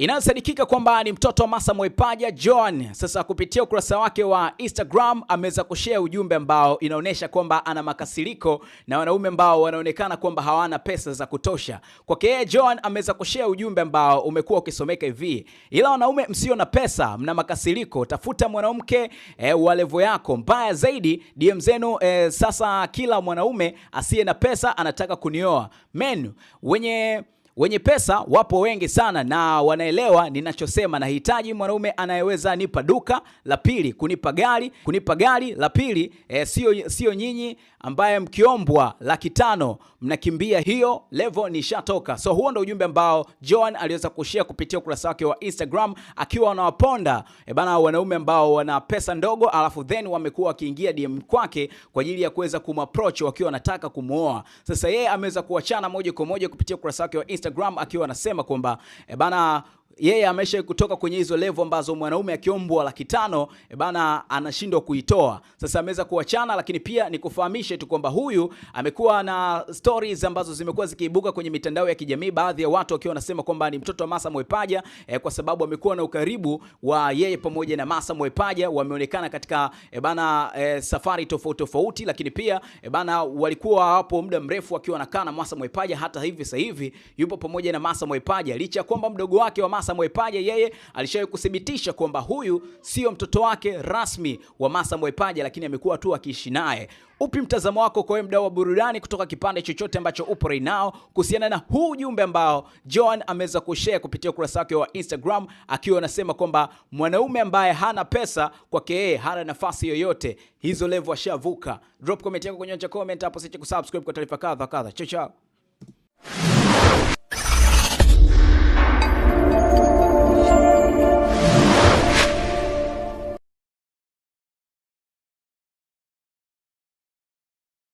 Inayosadikika kwamba ni mtoto wa Masa Moipaja John, sasa kupitia ukurasa wake wa Instagram ameweza kushare ujumbe ambao inaonyesha kwamba ana makasiriko na wanaume ambao wanaonekana kwamba hawana pesa za kutosha. Kwake yeye John ameweza kushare ujumbe ambao umekuwa ukisomeka hivi: ila wanaume msio na pesa, mna makasiriko, tafuta mwanamke e, wa levo yako. Mbaya zaidi DM zenu e, sasa kila mwanaume asiye na pesa anataka kunioa. Men wenye Wenye pesa wapo wengi sana na wanaelewa ninachosema. Nahitaji mwanaume anayeweza nipa duka, la pili kunipa gari, kunipa gari la pili e, sio sio nyinyi ambaye mkiombwa laki tano mnakimbia, hiyo level nishatoka. So huo ndo ujumbe ambao Joan aliweza kushare kupitia ukurasa wake wa Instagram akiwa anawaponda e bana, wanaume ambao wana pesa ndogo, alafu then wamekuwa wakiingia DM kwake kwa ajili ya kuweza kumapproach wakiwa wanataka kumuoa. Sasa yeye ameweza kuachana moja kwa moja kupitia ukurasa wake wa Instagram Instagram akiwa anasema kwamba e, bana yeye amesha kutoka kwenye hizo levo ambazo mwanaume akiombwa laki tano e bana anashindwa kuitoa. Sasa ameweza kuachana, lakini pia nikufahamishe tu kwamba huyu amekuwa na stories ambazo zimekuwa zikiibuka kwenye mitandao ya kijamii, baadhi ya watu wakiwa wanasema kwamba ni mtoto wa Masa Mwepaja e, kwa sababu amekuwa na ukaribu wa yeye pamoja na Masa Mwepaja, wameonekana katika e bana e, safari tofauti tofauti, lakini pia e bana walikuwa hapo muda mrefu wakiwa wanakaa na Masa Mwepaja. Hata hivi sasa hivi yupo pamoja na Masa Mwepaja licha ya kwamba mdogo wake wa Masa Masa Mwepaje yeye alishawahi kuthibitisha kwamba huyu sio mtoto wake rasmi wa Masa Mwepaje, lakini amekuwa tu akiishi naye. Upi mtazamo wako kwa mdau wa burudani kutoka kipande chochote ambacho upo right now kuhusiana na huu ujumbe ambao John ameweza kushare kupitia ukurasa wake wa Instagram akiwa anasema kwamba mwanaume ambaye hana pesa kwake yeye hana nafasi yoyote, hizo level ashavuka. Drop comment yako kwenye comment hapo, siache kusubscribe kwa taarifa kadha kadha. Chao chao.